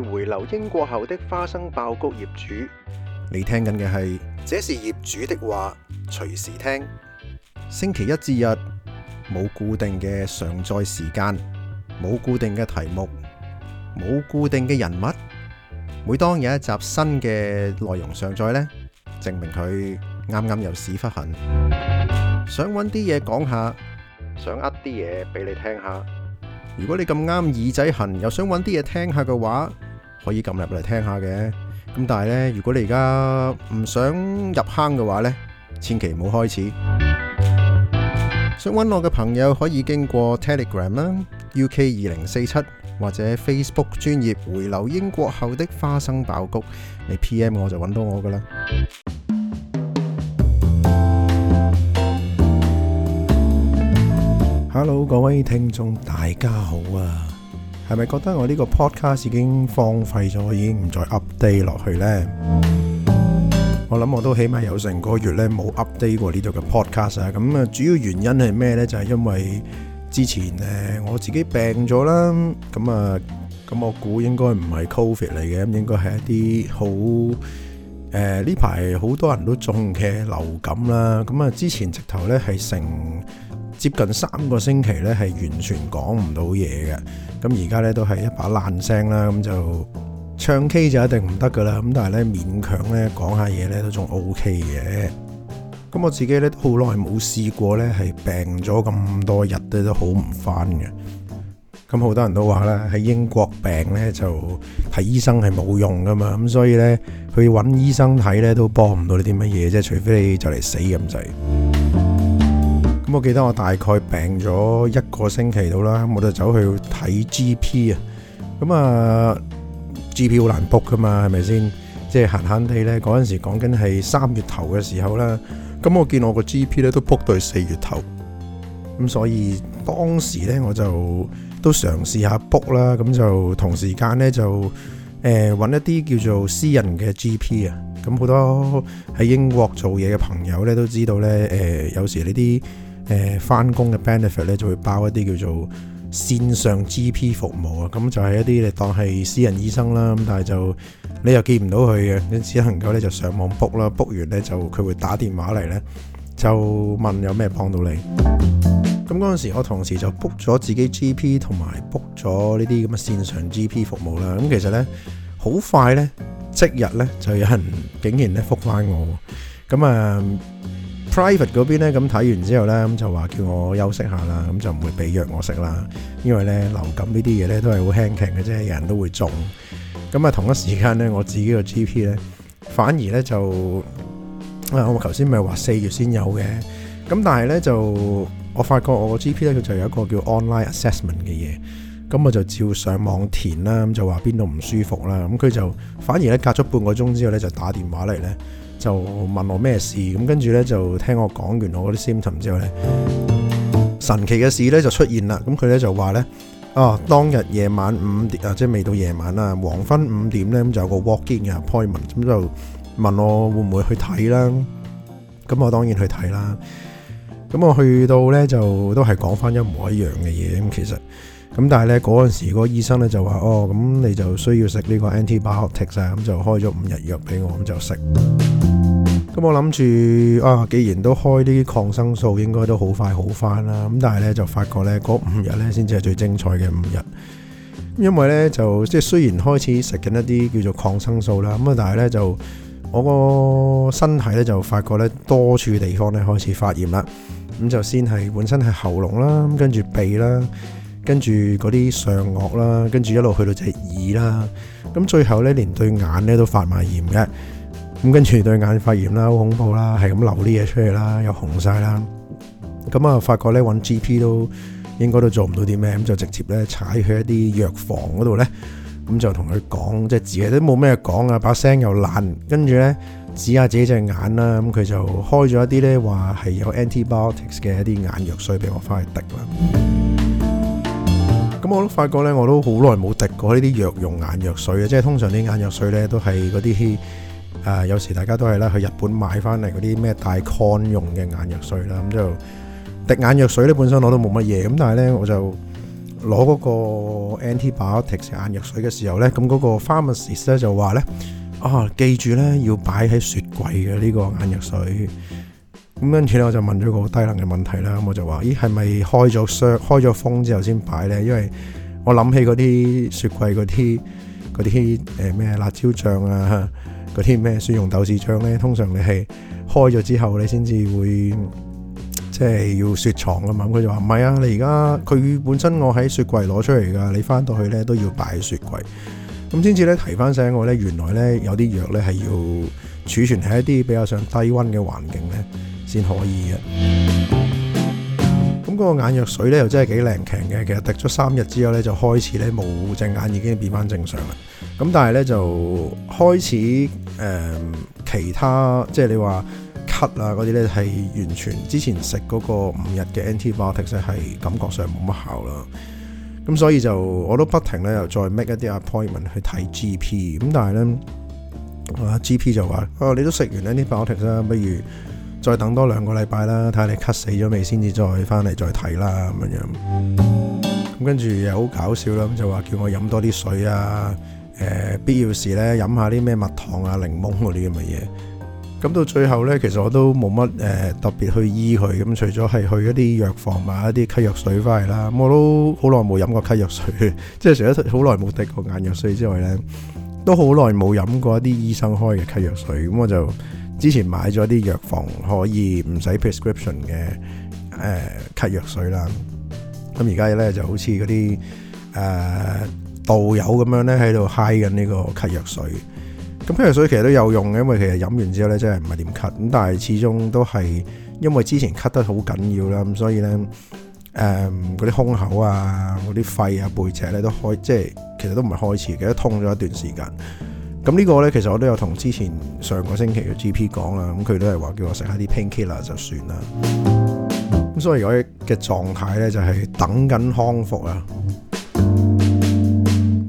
係回流英國後的花生爆谷頁主，你聽緊嘅係，這是頁主的話，隨時聽。星期一至日冇固定嘅上載時間，冇固定嘅題目，冇固定嘅人物。每當有一集新嘅內容上載呢，證明佢啱啱有屎忽痕，想揾啲嘢講下，想呃啲嘢俾你聽下。如果你咁啱耳仔痕，又想揾啲嘢聽下嘅話，可以撳入嚟聽下嘅。咁但係呢，如果你而家唔想入坑嘅話呢，千祈唔好開始。想揾我嘅朋友可以經過 Telegram 啦，UK 二零四七或者 Facebook 專頁回流英國後的花生爆谷，你 PM 我就揾到我噶啦。Hello，各位聽眾，大家好啊！係咪覺得我呢個 podcast 已經荒廢咗，已經唔再 update 落去呢？ 我諗我都起碼有成個月咧冇 update 過呢度嘅 podcast 啊！咁啊，主要原因係咩呢？就係因為之前誒我自己病咗啦，咁啊，咁我估應該唔係 COVID 嚟嘅，咁應該係一啲好。誒呢排好多人都中嘅流感啦，咁啊，之前直頭呢係成接近三個星期呢係完全講唔到嘢嘅，咁而家呢都係一把爛聲啦，咁就唱 K 就一定唔得噶啦，咁但係呢，勉強呢講下嘢呢都仲 O K 嘅，咁我自己呢都好耐冇試過呢係病咗咁多日都都好唔翻嘅。咁好多人都話咧，喺英國病呢就睇醫生係冇用噶嘛。咁所以呢，去揾醫生睇呢都幫唔到你啲乜嘢，啫，除非你就嚟死咁滯。咁 我記得我大概病咗一個星期到啦，我就走去睇 G.P. 啊。咁啊，G.P. 好難 book 噶嘛，係咪先？即係閒閒地呢，嗰陣時講緊係三月頭嘅時候啦。咁我見我個 G.P. 呢都 book 到去四月頭咁，所以當時呢，我就，都嘗試下 book 啦，咁就同時間呢，就誒揾、呃、一啲叫做私人嘅 GP 啊，咁好多喺英國做嘢嘅朋友呢，都知道呢，呃、有時呢啲誒翻工嘅 benefit 呢，就會包一啲叫做線上 GP 服務啊，咁就係一啲你當係私人醫生啦，咁但係就你又見唔到佢嘅，你只能夠呢，就上網 book 啦，book 完呢，就佢會打電話嚟呢，就問有咩幫到你。咁嗰陣時，我同時就 book 咗自己 GP 同埋 book 咗呢啲咁嘅線上 GP 服務啦。咁其實咧，好快咧，即日咧就有人竟然咧覆翻我。咁啊，private 嗰邊咧，咁睇完之後咧，咁就話叫我休息下啦，咁就唔會俾藥我食啦。因為咧，流感呢啲嘢咧都係好輕症嘅啫，人都會中。咁啊，同一時間咧，我自己個 GP 咧反而咧就，啊，我頭先咪話四月先有嘅，咁但係咧就。我發覺我個 GP 咧，佢就有一個叫 online assessment 嘅嘢，咁我就照上網填啦，咁就話邊度唔舒服啦，咁佢就反而咧隔咗半個鐘之後咧就打電話嚟咧，就問我咩事，咁跟住咧就聽我講完我啲 symptom 之後咧，神奇嘅事咧就出現啦，咁佢咧就話咧，啊，當日夜晚五點啊，即係未到夜晚啦，黃昏五點咧咁就有個 walk-in 嘅 appointment，咁就問我會唔會去睇啦，咁我當然去睇啦。咁我去到呢，就都係講翻一模一樣嘅嘢。咁其實咁，但係呢嗰陣時，個醫生呢，就話：哦，咁你就需要食呢個 antibiotics 啊。咁就開咗五日藥俾我，咁就食。咁我諗住啊，既然都開啲抗生素，應該都好快好翻啦。咁但係呢，就發覺呢嗰五日呢，先至係最精彩嘅五日。因為呢，就即係雖然開始食緊一啲叫做抗生素啦，咁啊，但係呢，就我個身體呢，就發覺呢多處地方呢，開始發炎啦。咁就先係本身係喉嚨啦，跟住鼻啦，跟住嗰啲上顎啦，跟住一路去到隻耳啦，咁最後咧連對眼咧都發埋炎嘅，咁跟住對眼發炎啦，好恐怖啦，係咁流啲嘢出嚟啦，又紅晒啦，咁啊發覺咧搵 GP 都應該都做唔到啲咩，咁就直接咧踩去一啲藥房嗰度咧，咁就同佢講，即係自己都冇咩講啊，把聲又爛，跟住咧。指下自己隻眼啦，咁佢就開咗一啲咧話係有 antibiotics 嘅一啲眼藥水俾我翻去滴啦。咁我都發覺咧，我都好耐冇滴過呢啲藥用眼藥水啊！即係通常啲眼藥水咧都係嗰啲誒，有時大家都係啦去日本買翻嚟嗰啲咩戴 con 用嘅眼藥水啦。咁就滴眼藥水咧本身我都冇乜嘢，咁但係咧我就攞嗰個 antibiotics 眼藥水嘅時候咧，咁嗰個 pharmacist 咧就話咧。啊、哦，記住咧要擺喺雪櫃嘅呢、這個眼藥水。咁跟住咧，我就問咗個低能嘅問題啦。我就話：咦，係咪開咗箱、開咗封之後先擺呢？因為我諗起嗰啲雪櫃嗰啲啲誒咩辣椒醬啊，嗰啲咩蒜蓉豆豉醬呢，通常你係開咗之後你先至會即係要雪藏啊嘛。佢就話：唔係啊，你而家佢本身我喺雪櫃攞出嚟㗎，你翻到去呢都要擺雪櫃。咁先至咧提翻醒我咧，原來咧有啲藥咧係要儲存喺一啲比較上低溫嘅環境咧先可以嘅。咁嗰個眼藥水咧又真係幾靈強嘅，其實滴咗三日之後咧就開始咧冇隻眼已經變翻正常啦。咁但係咧就開始誒、呃、其他即係你話咳啊嗰啲咧係完全之前食嗰個五日嘅 antibiotics 係感覺上冇乜效啦。咁所以就我都不停咧，又再 make 一啲 appointment 去睇 GP。咁但係咧，啊 GP 就話：哦、啊，你都食完呢啲 product 啦，不如再等多兩個禮拜啦，睇下你咳死咗未，先至再翻嚟再睇啦。咁樣樣。咁跟住又好搞笑啦，咁就話叫我飲多啲水啊，誒、呃、必要時咧飲下啲咩蜜糖啊、檸檬嗰啲咁嘅嘢。咁到最後咧，其實我都冇乜誒特別去醫佢，咁除咗係去一啲藥房買一啲咳藥水翻嚟啦，咁我都好耐冇飲過咳藥水，即係除咗好耐冇滴過眼藥水之外咧，都好耐冇飲過一啲醫生開嘅咳藥水。咁我就之前買咗啲藥房可以唔使 prescription 嘅誒咳藥水啦。咁而家咧就好似嗰啲誒道友咁樣咧喺度嗨緊呢個咳藥水。咁偏藥水其實都有用嘅，因為其實飲完之後咧，真係唔係點咳。咁但係始終都係因為之前咳得好緊要啦，咁所以咧，誒嗰啲胸口啊、嗰啲肺啊、背脊咧都開，即係其實都唔係開始嘅，都痛咗一段時間。咁呢個咧，其實我都有同之前上個星期嘅 GP 講啦，咁佢都係話叫我食下啲 painkiller 就算啦。咁所以而家嘅狀態咧，就係等緊康復啊。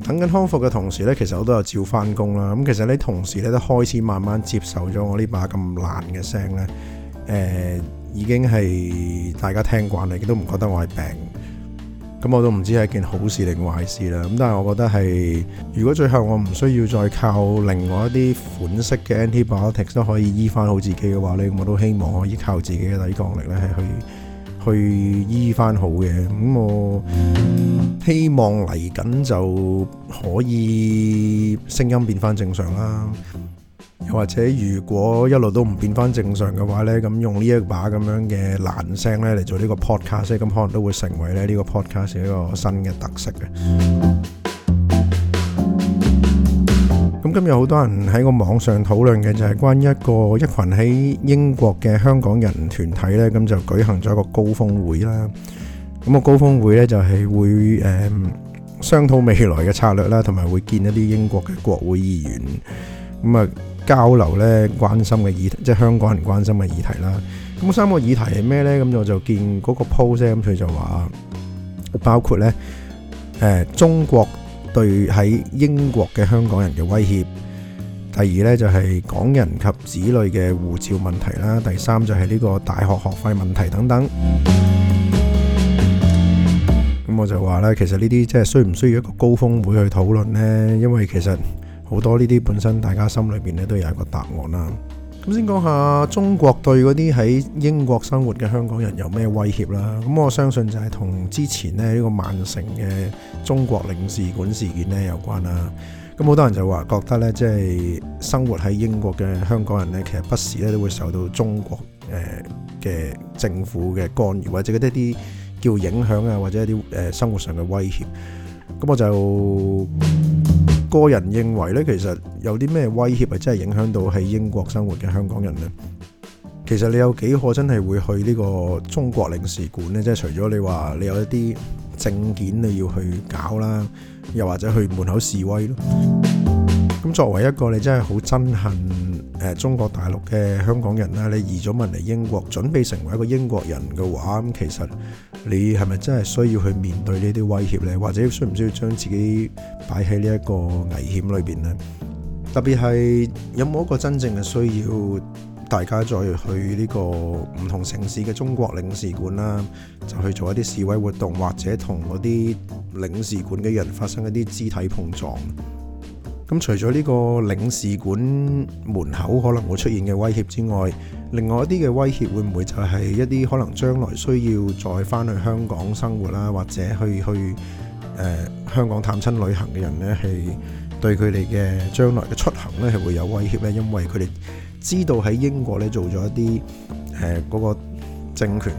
等緊康復嘅同時呢，其實我都有照翻工啦。咁其實啲同事咧都開始慢慢接受咗我呢把咁爛嘅聲呢。誒、呃、已經係大家聽慣嚟，都唔覺得我係病。咁、嗯、我都唔知係一件好事定壞事啦。咁但係我覺得係，如果最後我唔需要再靠另外一啲款式嘅 antibiotics 都可以醫翻好自己嘅話呢，我都希望可以靠自己嘅抵抗力呢，係去。去醫翻好嘅，咁我希望嚟緊就可以聲音變翻正常啦。又或者如果一路都唔變翻正常嘅話呢，咁用呢一把咁樣嘅爛聲咧嚟做呢個 podcast，咁可能都會成為咧呢個 podcast 一個新嘅特色嘅。咁今日好多人喺個網上討論嘅就係關於一個一群喺英國嘅香港人團體咧，咁就舉行咗一個高峰會啦。咁個高峰會咧就係會誒商討未來嘅策略啦，同埋會見一啲英國嘅國會議員。咁啊交流咧關心嘅議題，即係香港人關心嘅議題啦。咁三個議題係咩咧？咁我就見嗰個 post，咁佢就話包括咧誒中國。對喺英國嘅香港人嘅威脅，第二呢，就係港人及子女嘅護照問題啦，第三就係呢個大學學費問題等等。咁、嗯、我就話呢，其實呢啲即係需唔需要一個高峰會去討論呢？因為其實好多呢啲本身大家心裏邊呢都有一個答案啦。咁先講下中國對嗰啲喺英國生活嘅香港人有咩威脅啦？咁我相信就係同之前咧呢個曼城嘅中國領事館事件咧有關啦。咁好多人就話覺得呢，即係生活喺英國嘅香港人呢，其實不時咧都會受到中國誒嘅政府嘅干預，或者嗰一啲叫影響啊，或者一啲誒生活上嘅威脅。咁我就。個人認為咧，其實有啲咩威脅係真係影響到喺英國生活嘅香港人呢？其實你有幾可真係會去呢個中國領事館呢？即係除咗你話你有一啲證件你要去搞啦，又或者去門口示威咯。咁作為一個你真係好憎恨。中國大陸嘅香港人啦，你移咗民嚟英國，準備成為一個英國人嘅話，其實你係咪真係需要去面對呢啲威脅呢？或者需唔需要將自己擺喺呢一個危險裏邊呢？特別係有冇一個真正嘅需要，大家再去呢個唔同城市嘅中國領事館啦，就去做一啲示威活動，或者同嗰啲領事館嘅人發生一啲肢體碰撞？咁除咗呢個領事館門口可能會出現嘅威脅之外，另外一啲嘅威脅會唔會就係一啲可能將來需要再翻去香港生活啦，或者去去誒香港探親旅行嘅人呢，係對佢哋嘅將來嘅出行呢，係會有威脅呢？因為佢哋知道喺英國呢做咗一啲誒嗰個政權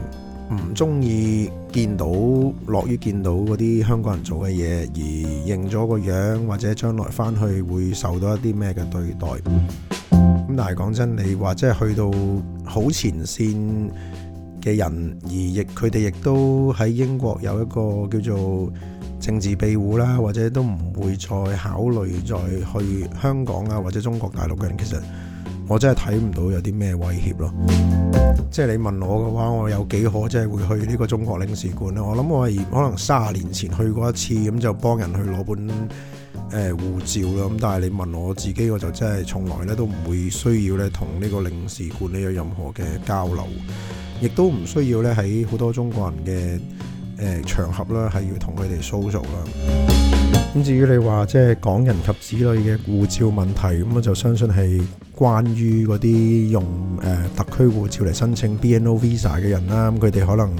唔中意見到樂於見到嗰啲香港人做嘅嘢，而認咗個樣，或者將來翻去會受到一啲咩嘅對待？咁但係講真，你或者去到好前線嘅人，而亦佢哋亦都喺英國有一個叫做政治庇護啦，或者都唔會再考慮再去香港啊，或者中國大陸嘅人。其實。我真係睇唔到有啲咩威脅咯，即係你問我嘅話，我有幾可即係會去呢個中國領事館呢？我諗我係可能三十年前去過一次，咁就幫人去攞本誒、呃、護照啦。咁但係你問我自己，我就真係從來咧都唔會需要咧同呢個領事館有任何嘅交流，亦都唔需要咧喺好多中國人嘅誒、呃、場合啦，係要同佢哋 social 啦。咁至於你話即係港人及子女嘅護照問題，咁我就相信係。關於嗰啲用誒、呃、特區護照嚟申請 BNO Visa 嘅人啦、啊，咁佢哋可能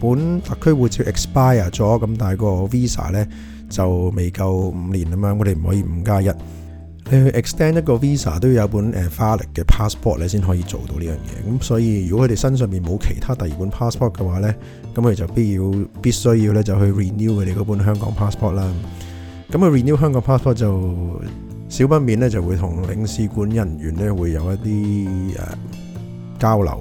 本特區護照 expire 咗，咁但係個 Visa 呢就未夠五年咁樣，我哋唔可以五加一。你去 extend 一個 Visa 都要有本誒、呃、花力嘅 passport 你先可以做到呢樣嘢。咁所以如果佢哋身上面冇其他第二本 passport 嘅話呢，咁佢哋就必要必須要咧就去 renew 佢哋嗰本香港 passport 啦。咁去 renew 香港 passport 就少不免咧，就會同領事館人員咧會有一啲誒、啊、交流。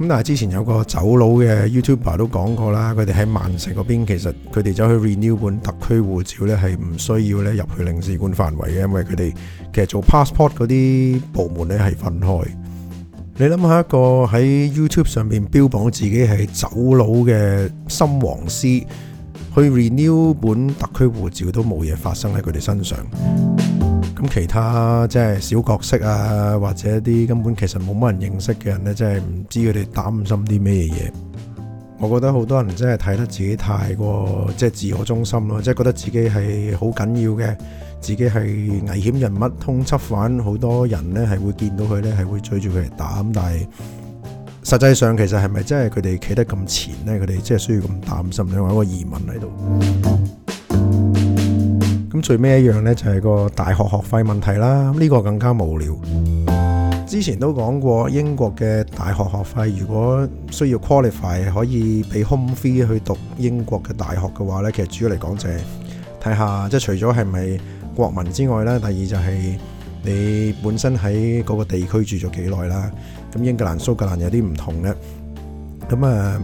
咁但係之前有個走佬嘅 YouTuber 都講過啦，佢哋喺曼城嗰邊，其實佢哋走去 renew 本特區護照咧，係唔需要咧入去領事館範圍嘅，因為佢哋其實做 passport 嗰啲部門咧係分開。你諗下一個喺 YouTube 上面標榜自己係走佬嘅深黃絲，去 renew 本特區護照都冇嘢發生喺佢哋身上。咁其他即係小角色啊，或者啲根本其實冇乜人認識嘅人呢，真係唔知佢哋擔心啲咩嘢。我覺得好多人真係睇得自己太過即係自我中心咯，即係覺得自己係好緊要嘅，自己係危險人物，通緝犯，好多人呢係會見到佢呢係會追住佢嚟打。但係實際上其實係咪真係佢哋企得咁前呢？佢哋即係需要咁擔心？唔係，我有個疑問喺度。咁最尾一樣呢，就係個大學學費問題啦。呢個更加無聊。之前都講過，英國嘅大學學費，如果需要 qualify 可以俾 home fee 去讀英國嘅大學嘅話呢，其實主要嚟講就係睇下，即係除咗係咪國民之外咧，第二就係你本身喺嗰個地區住咗幾耐啦。咁英格蘭、蘇格蘭有啲唔同呢。咁啊。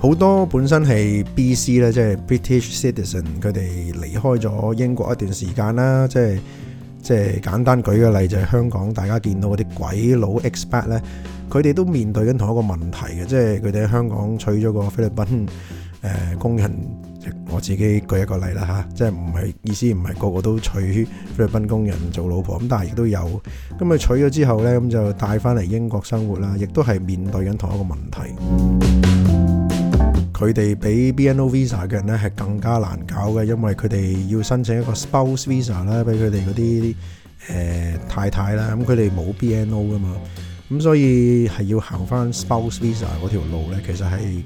好多本身係 B.C. 咧，即係 British citizen，佢哋離開咗英國一段時間啦。即係即係簡單舉個例，就係、是、香港大家見到嗰啲鬼佬 expat 咧，佢哋都面對緊同一個問題嘅，即係佢哋喺香港娶咗個菲律賓誒、呃、工人。我自己舉一個例啦嚇，即係唔係意思唔係個個都娶菲律賓工人做老婆，咁但係亦都有。咁佢娶咗之後咧，咁就帶翻嚟英國生活啦，亦都係面對緊同一個問題。佢哋比 BNO visa 嘅人咧係更加難搞嘅，因為佢哋要申請一個 spouse visa 咧，俾佢哋嗰啲誒太太啦，咁佢哋冇 BNO 噶嘛，咁所以係要行返 spouse visa 嗰條路咧，其實係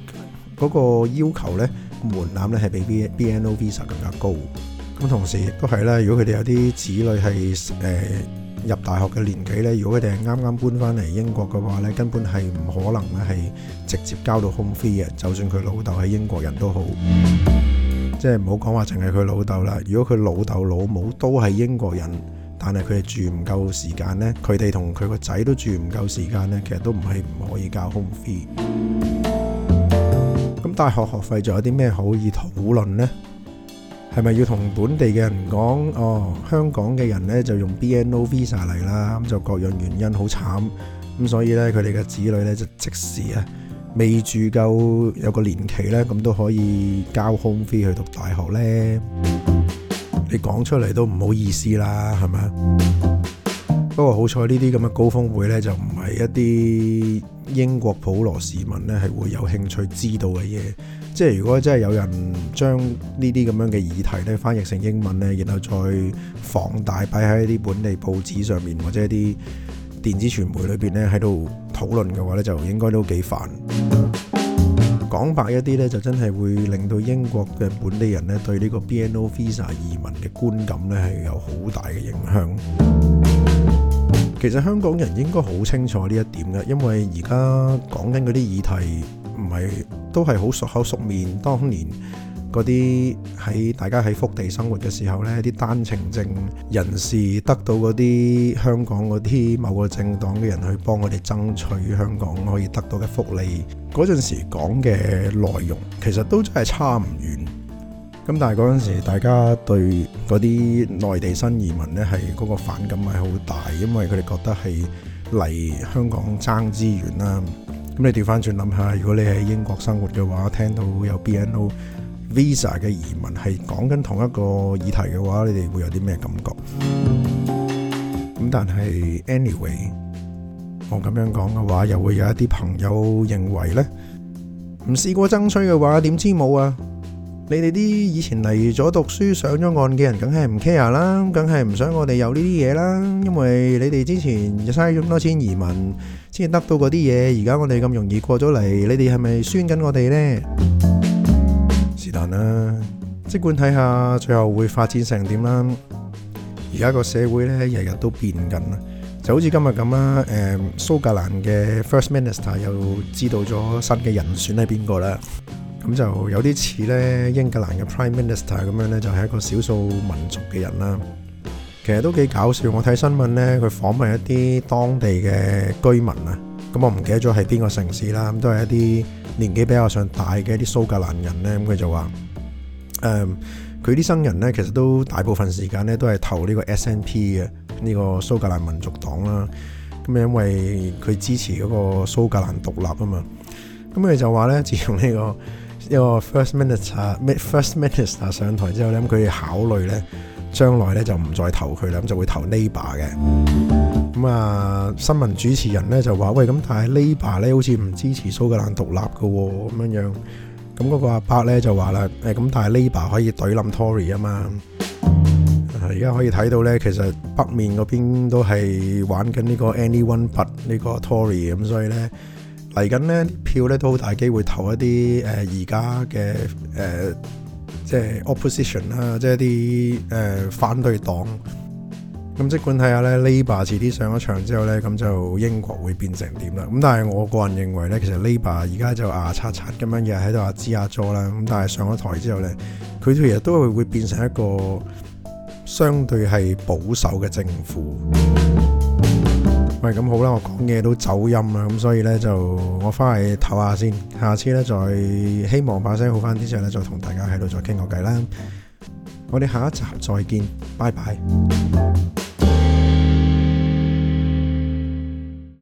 嗰個要求咧，門檻咧係比 B BNO visa 更加高，咁同時亦都係咧，如果佢哋有啲子女係誒。呃入大學嘅年紀呢，如果佢哋係啱啱搬翻嚟英國嘅話呢，根本係唔可能咧係直接交到 home fee 嘅。就算佢老豆係英國人都好，即係唔好講話淨係佢老豆啦。如果佢老豆老母都係英國人，但係佢哋住唔夠時間呢，佢哋同佢個仔都住唔夠時間呢，其實都唔係唔可以交 home fee。咁大學學費仲有啲咩可以討論呢？係咪要同本地嘅人講？哦，香港嘅人呢就用 BNO Visa 嚟啦，咁就各樣原因好慘，咁所以呢，佢哋嘅子女呢，就即使啊未住夠有個年期呢，咁都可以交 home fee 去讀大學呢。你講出嚟都唔好意思啦，係咪？不過好彩呢啲咁嘅高峰會呢，就唔係一啲英國普羅市民呢係會有興趣知道嘅嘢。即係如果真係有人將呢啲咁樣嘅議題呢翻譯成英文呢，然後再放大擺喺一啲本地報紙上面或者一啲電子傳媒裏邊呢喺度討論嘅話呢，就應該都幾煩。講白一啲呢，就真係會令到英國嘅本地人呢對呢個 BNO visa 移民嘅觀感呢，係有好大嘅影響。其實香港人應該好清楚呢一點嘅，因為而家講緊嗰啲議題唔係都係好熟口熟面？當年嗰啲喺大家喺福地生活嘅時候呢啲單程證人士得到嗰啲香港嗰啲某個政黨嘅人去幫佢哋爭取香港可以得到嘅福利嗰陣時講嘅內容，其實都真係差唔遠。咁但係嗰陣時，大家對嗰啲內地新移民呢係嗰個反感係好大，因為佢哋覺得係嚟香港爭資源啦。咁你調翻轉諗下，如果你喺英國生活嘅話，聽到有 BNO Visa 嘅移民係講緊同一個議題嘅話，你哋會有啲咩感覺？咁但係 anyway，我咁樣講嘅話，又會有一啲朋友認為呢，唔試過爭取嘅話，點知冇啊？你哋啲以前嚟咗讀書上咗岸嘅人，梗係唔 care 啦，梗係唔想我哋有呢啲嘢啦。因為你哋之前又嘥咁多錢移民，先至得到嗰啲嘢。而家我哋咁容易過咗嚟，你哋係咪酸緊我哋呢？是但啦，即管睇下最後會發展成點啦。而家個社會咧，日日都變緊啦。就好似今日咁啦，誒蘇格蘭嘅 First Minister 又知道咗新嘅人選係邊個啦。咁就有啲似咧英格蘭嘅 Prime Minister 咁樣咧，就係一個少數民族嘅人啦。其實都幾搞笑。我睇新聞咧，佢訪問一啲當地嘅居民啊。咁我唔記得咗係邊個城市啦。咁都係一啲年紀比較上大嘅一啲蘇格蘭人咧。咁佢就話：誒、嗯，佢啲生人咧，其實都大部分時間咧都係投呢個 SNP 嘅呢、呢個蘇格蘭民族黨啦。咁因為佢支持嗰個蘇格蘭獨立啊嘛。咁佢就話咧，自從呢、呢個一個 First Minister 咩 First Minister 上台之後咧，咁佢考慮咧，將來咧就唔再投佢啦，咁就會投 Labour 嘅。咁啊，新聞主持人咧就話：喂，咁但係 Labour 咧好似唔支持蘇格蘭獨立嘅喎、哦，咁樣樣。咁、那、嗰個阿伯咧就話啦：誒、哎，咁但係 Labour 可以懟冧 Tory 啊嘛。而家可以睇到咧，其實北面嗰邊都係玩緊呢個 anyone but 呢個 Tory，咁所以咧。嚟緊咧，票咧都好大機會投一啲而家嘅即係 opposition 啦，即係啲、啊呃、反對黨。咁即管睇下呢 Labour 遲啲上咗場之後呢，咁就英國會變成點啦？咁但係我個人認為呢，其實 Labour 而家就牙刷刷咁樣嘢喺度阿支啊，啊，咗啦。咁但係上咗台之後呢，佢其實都會變成一個相對係保守嘅政府。咁、嗯、好啦，我講嘢都走音啦，咁所以呢，就我翻嚟唞下先，下次呢，再希望把聲好翻啲，之後呢，再同大家喺度再傾下偈啦。我哋下一集再見，拜拜。